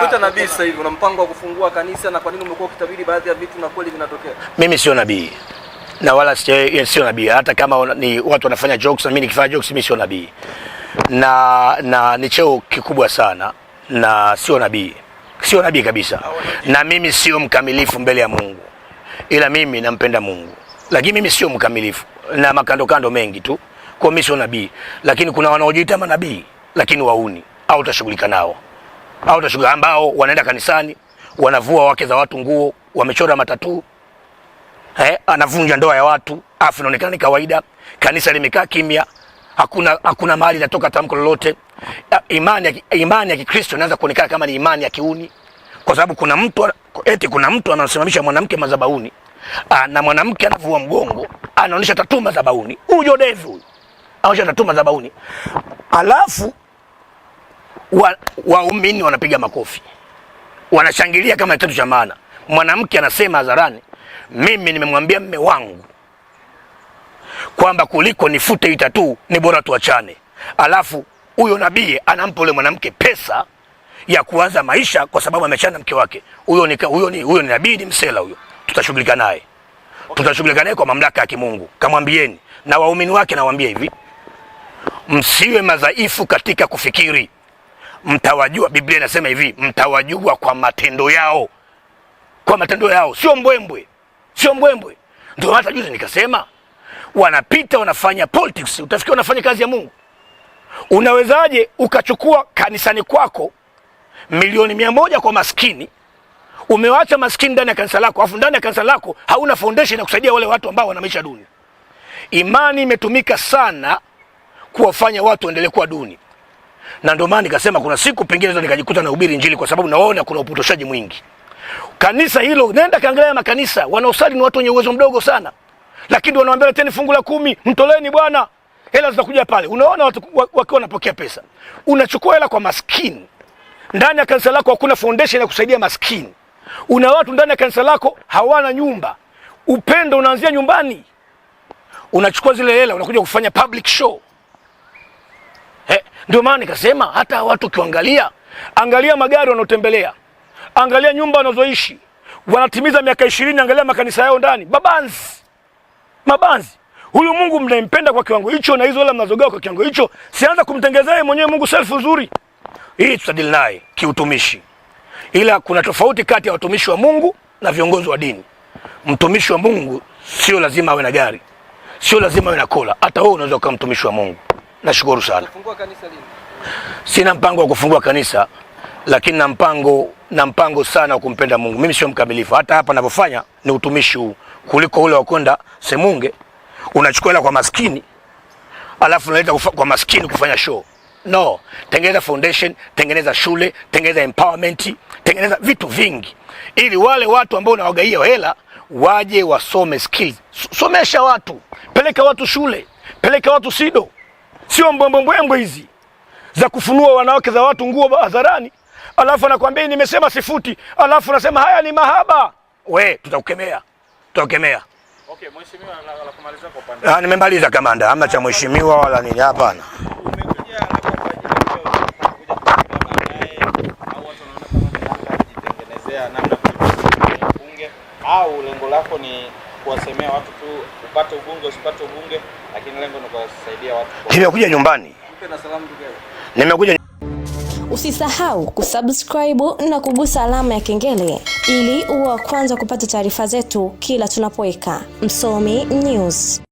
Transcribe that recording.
Kuta nabii sasa hivi una mpango wa kufungua kanisa na kwa nini umekuwa ukitabiri baadhi ya vitu na kweli vinatokea? Mimi sio nabii. Na wala sio nabii. Hata kama ni watu wanafanya jokes na mimi nikifanya jokes mimi sio nabii. Na na ni cheo kikubwa sana na sio nabii. Sio nabii kabisa. Na mimi sio mkamilifu mbele ya Mungu. Ila mimi nampenda Mungu. Lakini mimi sio mkamilifu na makando kando mengi tu. Kwa mimi sio nabii. Lakini kuna wanaojiita manabii lakini wauni au utashughulika nao au tashuga ambao wanaenda kanisani wanavua wake za watu nguo, wamechora matatu eh, anavunja ndoa ya watu, afu inaonekana ni kawaida. Kanisa limekaa kimya, hakuna hakuna mahali inatoka tamko lolote. Imani imani ya Kikristo inaanza kuonekana kama ni imani ya kiuni, kwa sababu kuna mtu eti kuna mtu anasimamisha mwanamke madhabahuni na mwanamke anavua mgongo, anaonyesha tatuma za bauni. Huyo devu anaonyesha tatuma za bauni, alafu waumini wa wanapiga makofi, wanashangilia kama kitu cha maana. Mwanamke anasema hadharani, mimi nimemwambia mme wangu kwamba kuliko nifute hii tatuu ni bora tuachane. Alafu huyo nabii anampa yule mwanamke pesa ya kuanza maisha kwa sababu ameachana mke wake. Huyo ni huyo ni huyo ni nabii, ni msela huyo. Tutashughulika naye, tutashughulika naye kwa mamlaka ya Kimungu. Kamwambieni na waumini wake, nawaambia hivi, msiwe madhaifu katika kufikiri mtawajua. Biblia inasema hivi, mtawajua kwa matendo yao, kwa matendo yao, sio mbwembwe, sio mbwembwe. Ndio hata juzi nikasema wanapita wanafanya politics, utafikia wanafanya kazi ya Mungu. Unawezaje ukachukua kanisani kwako milioni mia moja kwa maskini, umewacha maskini ndani ya kanisa lako, afu ndani ya kanisa lako hauna foundation ya kusaidia wale watu ambao wana maisha duni? Imani imetumika sana kuwafanya watu waendelee kuwa duni na ndio maana nikasema kuna siku pengine naweza nikajikuta na hubiri Injili kwa sababu naona kuna upotoshaji mwingi. Kanisa hilo, nenda kaangalia makanisa, wanaosali ni watu wenye uwezo mdogo sana, lakini wanaambia leteni fungu la kumi, mtoleni Bwana, hela zitakuja pale. Unaona watu wakiwa wanapokea pesa, unachukua hela kwa maskini. Ndani ya kanisa lako hakuna foundation ya kusaidia maskini. Una watu ndani ya kanisa lako hawana nyumba. Upendo unaanzia nyumbani. Unachukua zile hela unakuja kufanya public show. Eh, ndio maana nikasema hata watu ukiangalia, angalia magari wanaotembelea, angalia nyumba wanazoishi, wanatimiza miaka ishirini, angalia makanisa yao ndani, mabanzi mabanzi. Huyu Mungu mnayempenda kwa kiwango hicho, na hizo hela mnazogawa kwa kiwango hicho, sianza kumtengezea mwenyewe Mungu selfu nzuri hii, tutadili naye kiutumishi. Ila kuna tofauti kati ya watumishi wa Mungu na viongozi wa dini. Mtumishi wa Mungu sio lazima awe na gari, sio lazima awe na kola. Hata wewe unaweza kuwa mtumishi wa Mungu. Nashukuru sana. Sina mpango wa kufungua kanisa, lakini na mpango na mpango sana wa kumpenda Mungu. Mimi sio mkamilifu, hata hapa ninavyofanya ni utumishi huu kuliko ule wa kwenda Semunge, unachukua hela kwa maskini alafu unaleta kwa maskini kufanya show. No, tengeneza foundation, tengeneza shule, tengeneza empowerment, tengeneza vitu vingi ili wale watu ambao unawagaia hela waje wasome skills. Somesha watu, peleka watu shule, peleka watu SIDO sio mbwembwembwembwe hizi za kufunua wanawake za watu nguo hadharani, alafu anakwambia nimesema sifuti, alafu nasema haya ni mahaba. We, tutakukemea tutakukemea. Okay, mheshimiwa, la kumaliza kwa pande. Ah, nimemaliza kamanda, hamna cha mheshimiwa wala nini, hapana. Au lengo lako ni kuwasemea watu tu, upate ubunge usipate ubunge, lakini lengo ni kuwasaidia watu. Nimekuja nyumbani, Mpe na salamu ndugu. nimekuja. Usisahau kusubscribe na kugusa alama ya kengele ili uwe wa kwanza kupata taarifa zetu kila tunapoweka Msomi News.